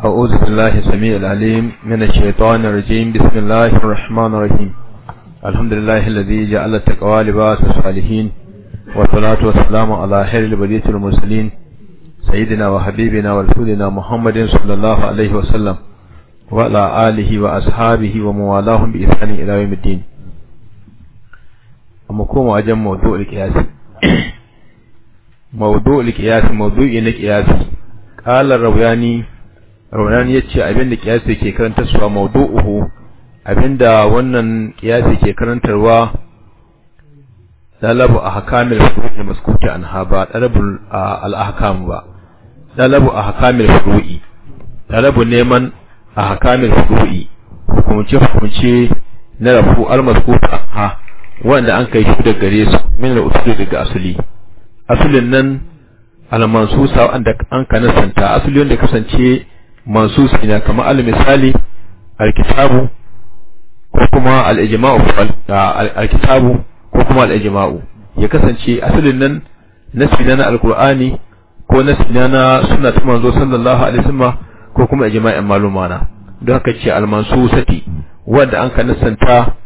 أعوذ بالله السميع العليم من الشيطان الرجيم بسم الله الرحمن الرحيم الحمد لله الذي جعل التقوى لباس الصالحين والصلاة والسلام على خير البرية المرسلين سيدنا وحبيبنا ورسولنا محمد صلى الله عليه وسلم وعلى آله وأصحابه وموالاهم بإحسان إلى يوم الدين أما كوم أجم موضوع القياس موضوع القياس موضوع القياس قال الروياني raunani ya ce abinda kiyasi ke karanta suwa maudu'uhu abinda wannan kiyasi ke karantarwa dalabu a furu'i maskuti an ha ba al-ahkam ba dalabu a furu'i dalabu neman a hakamil furu'i hukumce hukumce na rafu al an ha wanda an kai shi daga gare su min usuli daga asuli asulin nan al-mansusa wanda an kanasanta nasanta asuli wanda kasance mansusi na kamar al misali alkitabu ko kuma al-ijma'u alkitabu ko kuma al-ijma'u ya kasance asalin nan nasbi na alqur'ani ko nasbi na sunna ta manzo sallallahu alaihi wasallam ko kuma ijma'in malumana don haka ce al-mansusati wanda an ka nasanta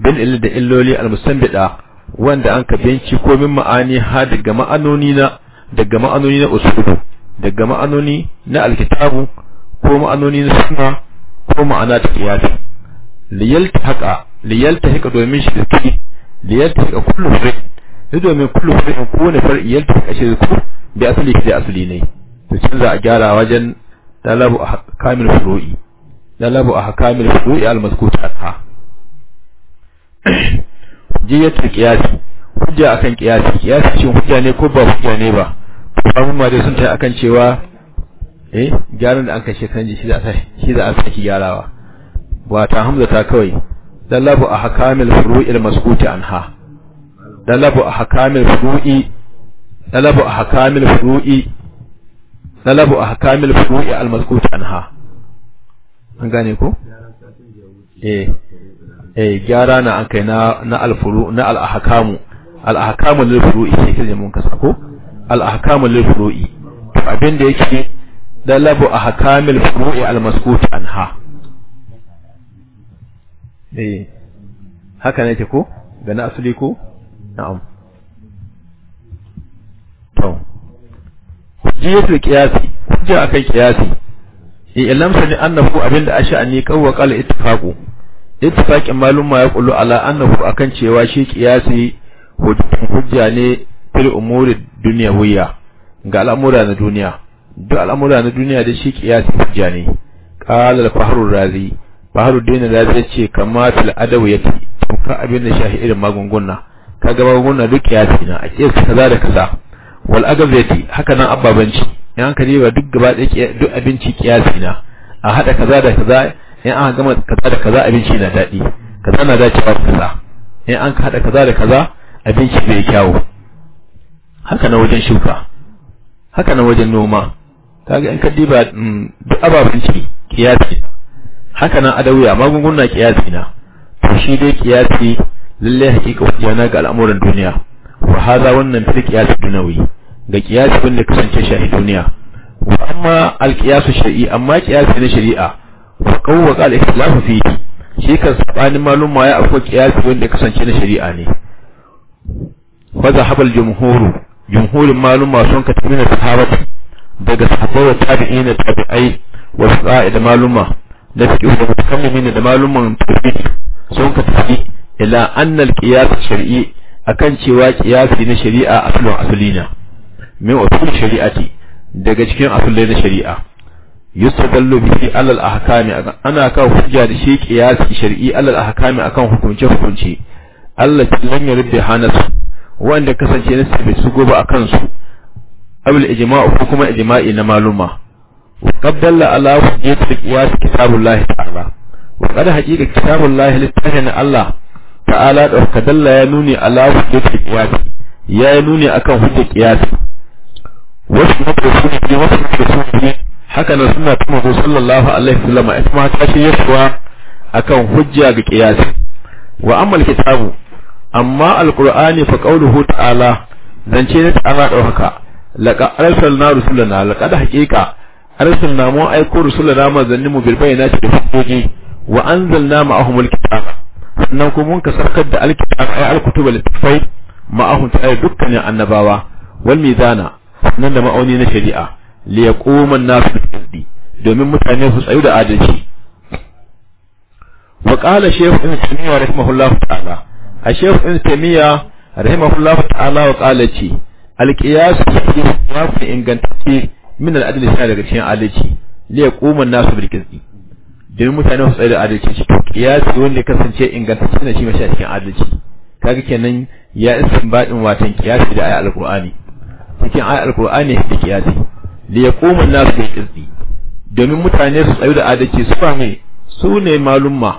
bin illi da illoli al-mustanbida wanda an ka benci ko min ma'ani ha daga ma'anoni na daga ma'anoni na usul daga ma'anoni na alkitabu ko ma'anoni na suna ko ma'ana ta kiyasi liyalta haka liyalta haka domin shi da liyalta haka kullum fi'l ne domin kullum fi'l ko ne far liyalta haka shi ku bi asali shi da asali ne to cin za a gyara wajen dalabu ahkamil furu'i a ahkamil furu'i al-mazkuta ta jiyatul kiyasi hujja akan kiyasi qiyasi shin hujja ne ko ba hujja ne ba amma ma dai sun ta akan cewa eh gyaran da an kashe kan ji shi za a saki gyarawa wa ta hamza ta kawai dalabu a hakamil furu'i al-maskuti anha dalabu a furu'i dalabu ahkamil furu'i dalabu ahkamil furu'i al-maskuti anha an gane ko eh eh gyara na an kai na na al-furu na al-ahkamu al-ahkamu lil furu'i shi kaje mun kasa ko al-ahkamu lil furu'i abin da yake dalabu hakamil furu'i al-masqut anha eh haka ne ko ga na asali ko na'am to hujjatul qiyasi hujja akan qiyasi ilam sani annahu abinda asha'ani qawwa qala ittifaqu ittifaqin malum ma yaqulu ala annahu akan cewa shi qiyasi hujja ne fil umuri dunyawiyya ga al'amura na duniya duk al'amura na duniya da shi kiyasi hujja ne qala al-fahrur razi fahrudin razi yace kama fil adaw yake ka abin da shahi irin magunguna kaga magunguna duk kiyasi na a kiyasi kaza da kaza wal agab yake haka nan ababanci in an ba duk gaba duk abinci kiyasi na a hada kaza da kaza in an gama kaza da kaza abinci na dadi kaza na dacewa kaza in an hada kaza da kaza abinci bai kyau. haka na wajen shuka haka na wajen noma kaga in ka diba mm, duk ababen ciki kiyasi haka nan adawiya magunguna kiyasi na to shi dai kiyasi lalle hakika na ga al'amuran duniya wa haza wannan fil kiyasi dunawi ga kiyasi wanda kasance shahi duniya wa amma al kiyasu shar'i amma kiyasi na shari'a wa qawwa qal ikhtilaf fihi shi kan sabanin maluma ya akwai kiyasi wanda kasance na shari'a ne wa zahabal jumhuru jumhur jumhurin maluma sun ka tabbata sahabati daga sahabbai wa tabi'i na tabi'ai wa sa'i da maluma da fiqh da mutakammimin da maluman fiqh sun ka tafi ila annal al-qiyas shar'i akan cewa qiyasi na shari'a aslun aslina min usul shari'ati daga cikin asulai na shari'a yustadallu bihi alal ahkami ana kan hujja da shi qiyasi shar'i alal ahkami akan hukunce hukunce Allah lam yurid hanasu wanda kasance na sabe su gobe akan su aw al-ijma' ko kuma na maluma wa qad dalla ala wujudi qiyas kitabullahi ta'ala wa qad haqiqa kitabullahi littafin Allah ta'ala da ka dalla ya nuni ala wujudi wasu mutum ne wasu mutum ne haka nan suna ta manzo sallallahu alaihi wasallam isma ta shi akan hujja ga qiyas wa amma kitabu amma zance ne ta'ala daukaka laqa arsalna rusulana laqad haqiqa arsalna mu aiko rusulana manzanni mu bil bayyinati da hujjoji wa anzalna ma'ahum alkitaba sannan kuma mun kasarkar da alkitaba ay alkutuba littafai ma'ahum ta dukkanin annabawa wal mizana nan da ma'auni na shari'a li yaquma an-nasu bi domin mutane su tsayu da adalci wa qala shaykh ibn taymiyyah rahimahullah ta'ala a shaykh ibn taymiyyah rahimahullah ta'ala wa qala ce alqiyas ya fi ce min al'adl sai daga cikin adalci li yaquma nasu bilkizi qisti domin mutane su tsaya da adalci shi to qiyasi wanda kasance ingantacce ne shi ma shi cikin adalci kaga kenan ya baɗin watan qiyasi da ayat alqur'ani cikin ayat alqur'ani da ne ya yaquma nasu bilkizi qisti domin mutane su tsaya da adalci su fahimai su ne malumma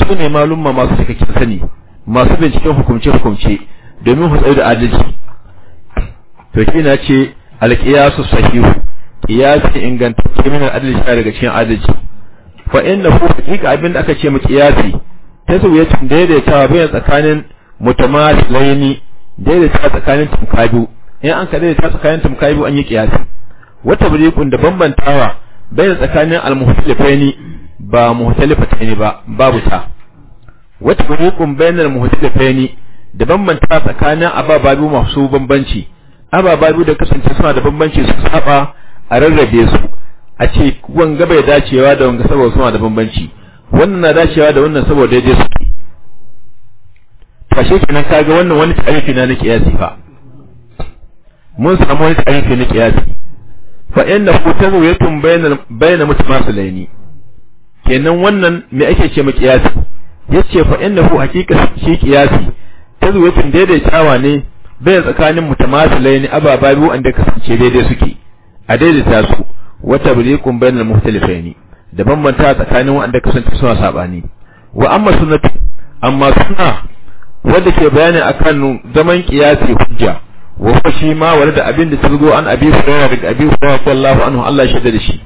su ne malumma masu cikakken sani masu binciken hukumce hukumce domin su da adalci to na ce alƙiyasu sahihu qiyasi inganta min adalci shi daga cikin adalci fa innahu hakika abinda aka ce mu qiyasi tasawiyatun daidaitawa bayan tsakanin mutamathalaini ta tsakanin tumkabu in an ka daidaita tsakanin tumkabu an yi ƙiyasi. wata bariqun da bambantawa bayan tsakanin al ba muhtalifataini ba babu ta wata bariqun bayan al da bambanta tsakanin ababa masu bambanci ababa biyu da kasance suna da bambanci su saba a rarrabe su a ce wanga bai dacewa da wanga saboda suna da bambanci wannan na dacewa da wannan saboda daidai su fashe kenan kaga wannan wani tarihi na nake kiyasi fa mun samu wani tarihi na kiyasi fa inna kutabu yatum bayna bayna mutamasalaini kenan wannan me ake ce mu kiyasi yace fa ku haqiqa shi kiyasi daidai daidaitawa ne bai tsakanin mutamasilai ne ababa biyu wanda kasance daidai suke a daidaita su wata bulikun bainal muhtalifaini da bambanta tsakanin wanda kasance suna sabani wa amma sunnatu amma sunna wanda ke bayani akan zaman kiyasi hujja wa fashi ma wala da abin da an abi hurairah daga abi hurairah sallallahu anhu Allah ya shaida da shi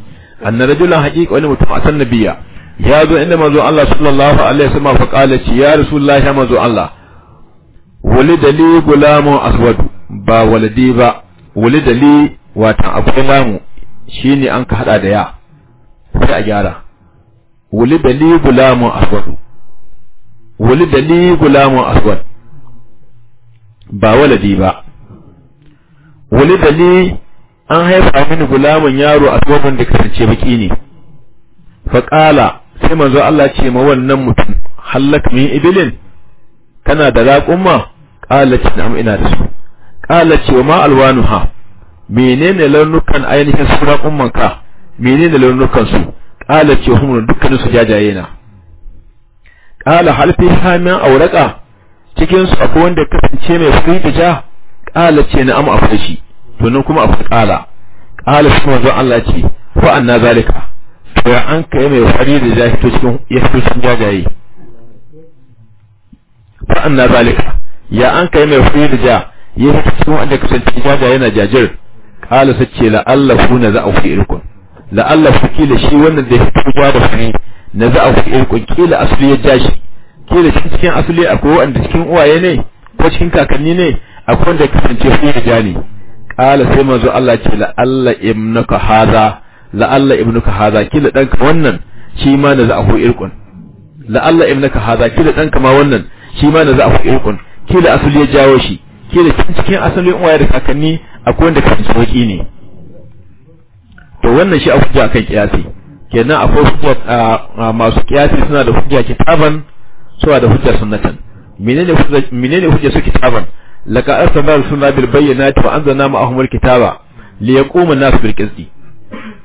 anna rajulan haqiqa wani mutum a san nabiya ya zo inda manzo Allah sallallahu alaihi wasallam fa qala ya rasulullahi manzo Allah wali da li gulamun aswadu ba waladi ba da li watan akwai lamu shine an ka hada da ya sai a gyara wali da li gulamun aswadu wali da li gulamun aswad ba waladi ba da li an haifa mini gulamun yaro aswadun da kasance baki ne faƙala sai manzo Allah ce ma wannan mutum hallaka min ibilin kana da raƙumma qalat na'am ina da su qalat wa ma alwanuha menene launukan ainihin sura ummanka menene launukan su qalat wa hum dukkanin su jajaye na qala hal fi hamin auraka cikin su akwai wanda kasance mai fita ja qalat ce na'am akwai shi to nan kuma akwai qala qala shi manzo Allah ce fa anna zalika to an kai mai fari da jahito cikin ya fito cikin jajaye fa anna zalika ya an kai mai fuyi ja ya fita cikin wanda kasance jaja yana jajir kala sace la Allah ku na za'a fi irkun la Allah ku kila shi wannan da ya fita da fuyi na za'a fi irkun kila asali ya jashi kila cikin asali akwai wanda cikin uwaye ne ko cikin kakanni ne akwai wanda kasance fuyi da ja ne kala sai manzo Allah ce la Allah ibnuka haza la Allah ibnuka haza kila danka wannan shi ma na za'a fi irkun la Allah ibnuka haza kila danka ma wannan shi ma na za'a fi irkun kila asali ya jawo shi kila cikin asalin uwaye da kakanni akwai wanda kan sauki ne to wannan shi a hujja akan kiyasi kenan akwai hujja masu kiyasi suna da hujja kitaban suna da hujja sunnatan menene hujja menene hujja su kitaban laka arsalna rasulna bil bayyinati wa anzalna ma'ahum al kitaba li yaquma an-nas bil qisti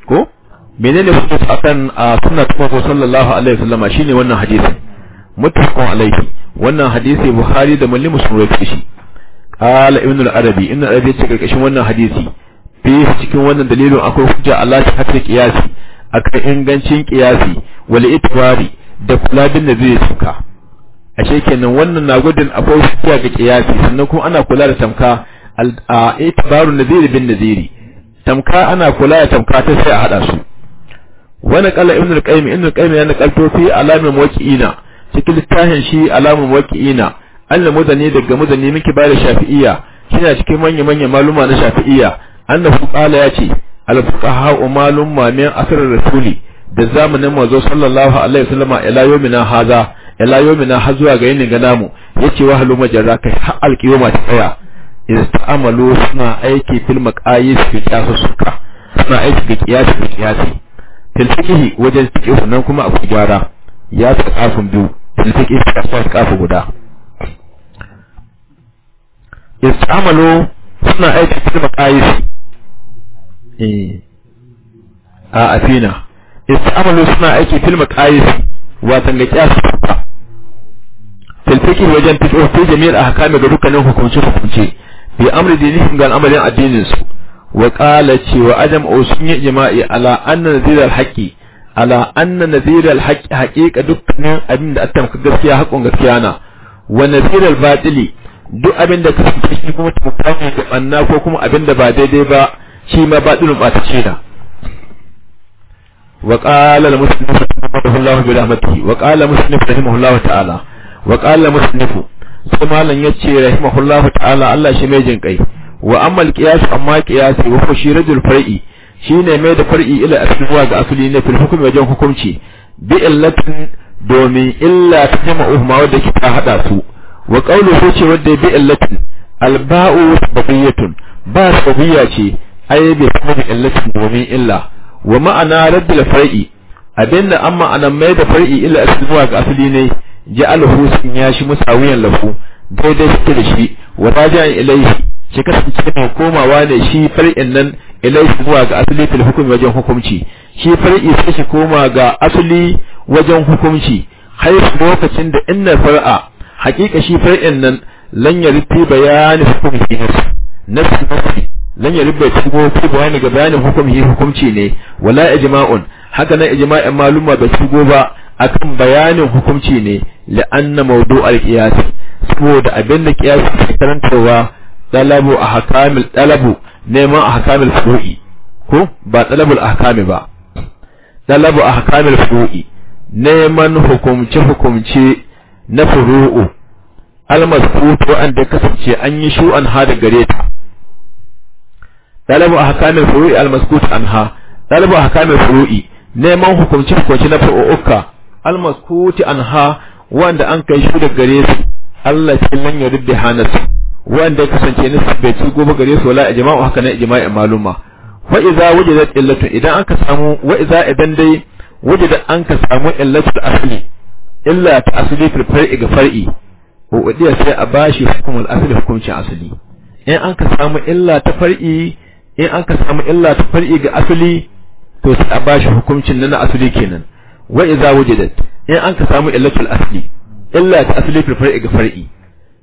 ko menene hujja akan sunnat ko sallallahu alaihi wasallam shine wannan hadisi. muttafaqun alaihi wannan hadisi bukhari da muslim sun rawaito shi qala ibn al-arabi ibn al-arabi ce karkashin wannan hadisi fi cikin wannan dalilin akwai hujja Allah ta hakki kiyasi akan ingancin kiyasi wal itwari da kula bin da zai suka ashe kenan wannan na gudun akwai hujja ga kiyasi sannan kuma ana kula da tamka a itibarun nadiri bin nadiri tamka ana kula da tamka ta sai a hada su wani kala cikin littafin shi alamu waqi'ina annal mudani daga mudani miki bada shafi'iyya kina cikin manya manya maluma na shafi'iyya annahu qala yace al fuqaha malum ma min asrar rasuli da zamanin manzo sallallahu alaihi wasallama ila yawmina haza ila yawmina hazuwa ga yinin gana mu yace wa halu majarra kai har alqiyama ta tsaya istamalu suna aiki fil maqayis fi suka suna aiki ga kiyasi kiyasi fil fiqhi wajen fiqhi nan kuma akwai gwara. ya fi kafin biyu filfik istiqas kafa guda istamalo suna aiki cikin maqayis eh a afina istamalo suna aiki fil maqayis watan ga kiyas filfiki wajen fito ta jami'ar ahkami ga dukkanin hukunce hukunce bi amri dinihim ga al'amarin addinin su wa qala cewa ajam usun yi jima'i ala anna nazira haƙƙi. ala anna nadhir al haqq haqiqa dukkanin abin da attam gaskiya haƙon gaskiya na wa nadhir al batili duk abin da kake shi kuma tabbata da banna ko kuma abin da ba daidai ba shi ma batilun ba ta ce da وقال المسلم رحمه الله برحمته وقال مسلم رحمه الله تعالى وقال مسلم ثم لن allah رحمه الله تعالى الله شميجن قي وأما القياس أما قياسي وهو شيرد الفرعي shine mai da far'i ila asli wa ga asli ne fil hukmi wajen hukunci bi illatin domin illa ta jama'u ma wadda ke ta hada su wa qawluhu ce wadda bi illatin bau tabiyatun ba tabiya ce ai bi kuma illatin domin illa wa ma'ana raddul far'i abinda amma anan mai da far'i ila asli wa ga asli ne ja'alhu sun ya shi musawiyan lafu daidai suke da shi wa raja'a ilayhi shi kasance mai komawa ne shi far'in nan ilaihi zuwa ga asali fil wajen hukunci shi far'i sai shi koma ga asali wajen hukunci har lokacin da inna far'a haƙiƙa shi far'in nan lan yarfi bayani hukunci nafsi nafsi lan yarfi shigo fi bayani ga bayanin hukunci ne wala ijma'un haka nan ijma'in maluma bai shigo ba akan bayanin hukunci ne la'anna mawdu'al qiyas saboda abin da qiyas ke dalabu dalabu neman ahkamul furu'i ko ba talabul ahkami ba talabu ahkamul furu'i neman hukumce hukumce na furu'u almasfutu an da kasance an yi shu'an ha da gare ta talabu ahkamul furu'i an ha talabu ahkamul furu'i neman hukumce hukumce na furu'uka an anha wanda an kai shu da gare su Allah ya manya yurdi hanasu wanda kasance na bai ci gobe gare su wala ijma'u haka na ijma'in maluma wa idza wajadat illatu idan aka samu wa idza idan dai wajada an ka samu illatu asli illa ta asli fil far'i ga far'i wa udiya sai a bashi hukumul asli hukuncin asli in an ka samu illa ta far'i in an ka samu illa ta far'i ga asli to sai a bashi hukuncin na asli kenan wa idza wajadat in an ka samu illatul asli illa ta asli fil far'i ga far'i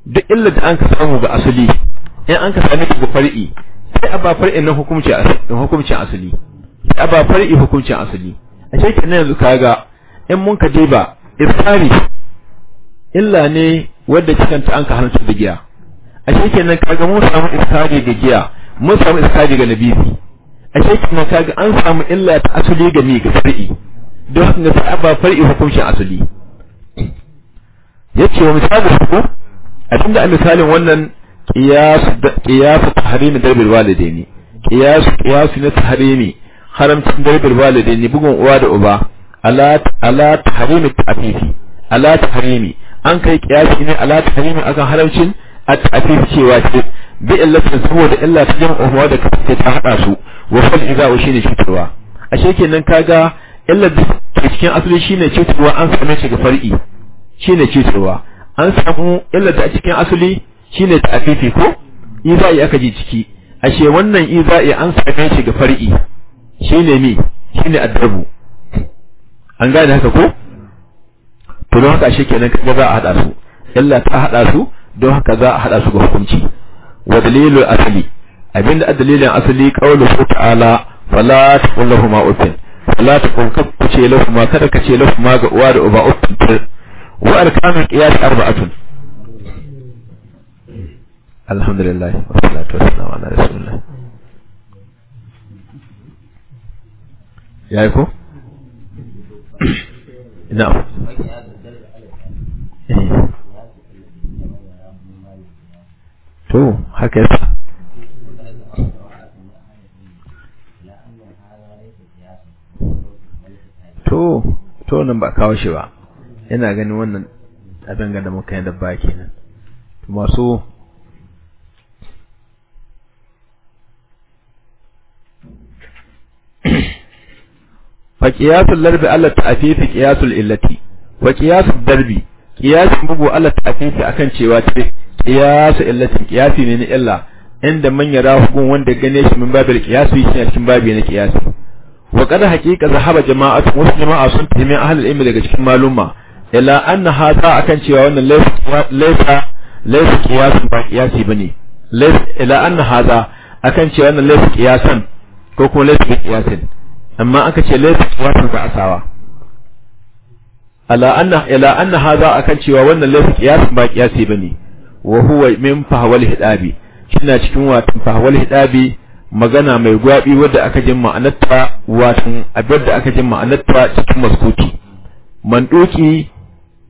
duk illa da an ka samu ga asali in an ka same shi ga far'i sai a ba far'i na hukunci hukuncin asali sai a ba far'i hukuncin asali a shi kenan yanzu kaga in mun ka diba iftari illa ne wadda ta an ka halatta da giya a shi kenan kaga mun samu iftari ga giya mun samu iftari ga nabibi a shi kenan kaga an samu illa ta asali ga mi ga far'i don haka sai a ba far'i hukuncin asali yace wa misali ko abin da a misalin wannan qiyasu tahrimi darbil walidaini qiyasu qiyasu na tahrimi haramcin darbil walidaini bugun uwa da uba ala ala ta ta'fifi ala tahrimi an kai qiyasi ne ala tahrimi akan haramcin a tafif cewa ce bi illatin saboda illa ta jama'u da kake ta haɗa su wa fal iza'u shine cutarwa ashe kenan kaga illa da cikin asali shine cutarwa an same shi ga far'i shine cutarwa an samu illar da a cikin asali shine ta'fifi ko iza'i aka ji ciki ashe wannan iza'i an same shi ga far'i shine mi shine addabu an gane haka ko to don haka ashe kenan kaga za a hada su illa ta hada su don haka za a hada su ga hukunci wa dalilul asali abinda dalilin asali qauluhu ta'ala fala taqul ma uffin fala taqul kace lahumu kada kace lahumu ga uwa da uba uffin wa arkanul qiyas arba'atun alhamdulillah wa salatu wassalamu ala rasulillah yayi ko na'am to haka yasa to to nan ba kawo shi ba yana ganin wannan abin ga da muka yi dabba kenan masu afi fi ƙiyasun illati faƙiyasun darbi ƙiyasun bugu allah ta afi fi akan cewa ce ƙiyasun illati ƙiyasi ne na illa inda man yara hukun wanda gane shi min babil yi shi a cikin babi na ƙiyasi wa qad haqiqa zahaba jama'a wasu jama'a sun taimi ahalar ilmi daga cikin maluma illa anna hadha akan cewa wannan laifa laifa qiyasan ba qiyasi bane illa anna hadha akan cewa wannan laifa qiyasan ko kuma laifa qiyasin amma aka ce laifa qiyasan ba asawa ala anna ila anna hadha akan cewa wannan laifa qiyasan ba qiyasi bane wa huwa min fahwal hidabi kina cikin watan fahwal hidabi magana mai gwabi wadda aka jin ma'anarta watan abin da aka jin ma'anarta cikin maskuti manduki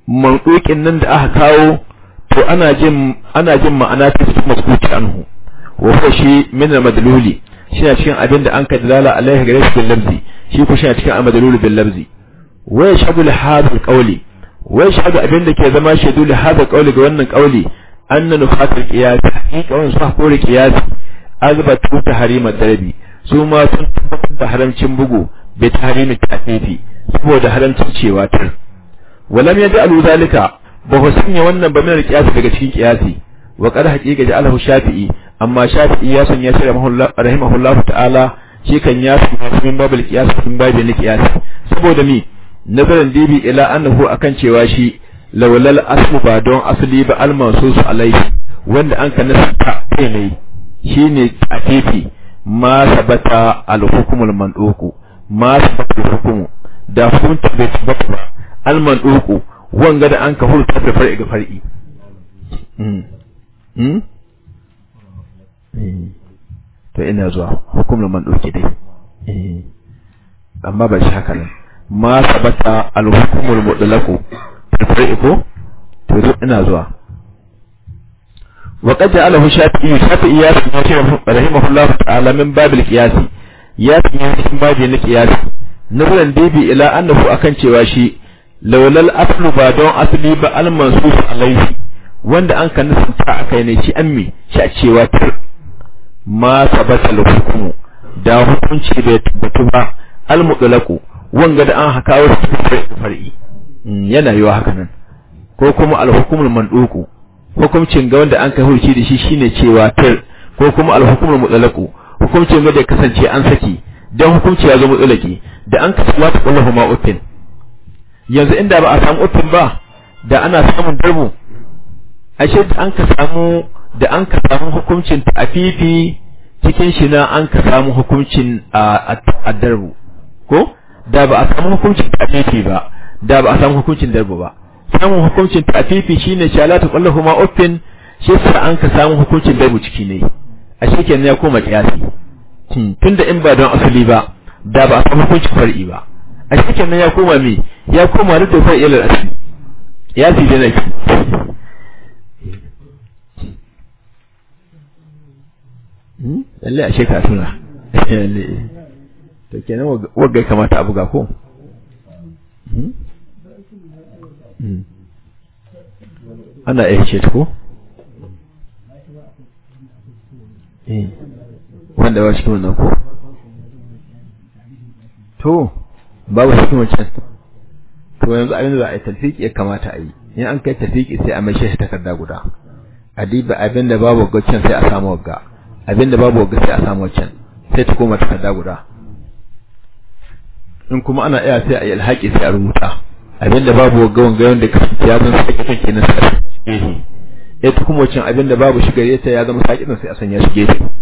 mandukin nan da aka kawo to ana jin ana jin ma'ana ta cikin maskuci anhu wa fa shi min al-madluli shine cikin abin da an ka dalala alaihi gare shi bil lamzi shi shi shine cikin al madluli bil lamzi wa yashhadu li hadha al-qawli wa yashhadu abin da ke zama shaidu li hadha al-qawli ga wannan qawli anna nufatul qiyas hakika wannan sa kore qiyas tuta harima darbi su ma sun tabbatar haramcin bugu bai tahrimi ta'difi saboda haramcin cewa tar walam yaj'alu zalika ba ku sanya wannan ba min qiyas daga cikin qiyasi wa qad haqiqa ja'alahu shafi'i amma shafi'i ya sanya shi rahimahullahu ta'ala shi kan ya sanya cikin babul qiyas cikin babul qiyas saboda ni nazarin dibi ila annahu akan cewa shi lawlal aslu ba don asli ba al mansus alaihi wanda an ka nasata kai ne shine a kefi ma sabata al hukmul manduku ma sabata al hukmu da hukunta bai tabbata almanduku wanga da an ka hurta ta far'i ga far'i hmm. Hmm? Eh. to ina zuwa hukumar dai eh. amma ba shi haka nan ma sabata al ko to ina zuwa وقد جعله الشافعي الشافعي ياسين رحمه الله تعالى من باب القياس ياسين من باب القياس الى انه akan cewa laulal aslu ba don asali ba almansus mansus alaihi wanda an ka nisanta akai ne shi ammi shi a cewa tar ma sabata al da hukunci bai tabbatu ba al wanga da an haka wasu far'i mm, yana yiwa haka nan ko kuma alhukumul manduku hukuncin ga wanda an kai hulci da shi shine cewa tar ko kuma alhukumul hukmul hukumcin hukuncin ga da kasance an saki dan hukunci ya zo mutlaqi da an kasu la taqullahu ma utin yanzu inda ba a samu uffin ba da ana samun darbu ashe da an ka samu da an ka samu hukuncin ta'afifi cikin shi na an ka samu hukuncin a darbu ko da ba a samu hukuncin ta'afifi ba da ba a samu hukuncin darbu ba samun hukuncin ta'afifi ne cewa la kwallo kuma uffin shi sa an ka samu hukuncin darbu ciki ne ashe kenan ya koma kiyasi hmm, tunda in ba don asali ba da ba a samu hukuncin far'i ba a cikin nan ya koma me ya koma da tofa ilal asiri ya fi da naki hmm? lalle a shekara suna tuna to kenan wagga kamata abu ga ko hmm? Hmm. ana iya ce ko eh. wanda ba cikin wannan ko to babu hikimar can, to yanzu abin da za a yi talfiki ya kamata a yi in an kai talfiki sai a mai shi takarda guda a diba abin da babu wagga can sai a samu wagga abin da babu wagga sai a samu can, sai ta koma takarda guda in kuma ana iya sai a yi alhaki sai a rubuta abin da babu wagga wanga wanda ya zama sakitan kenan sai a sanya shi kuma waccan abin da babu shi gare ta ya zama sakitan sai a sanya shi gefe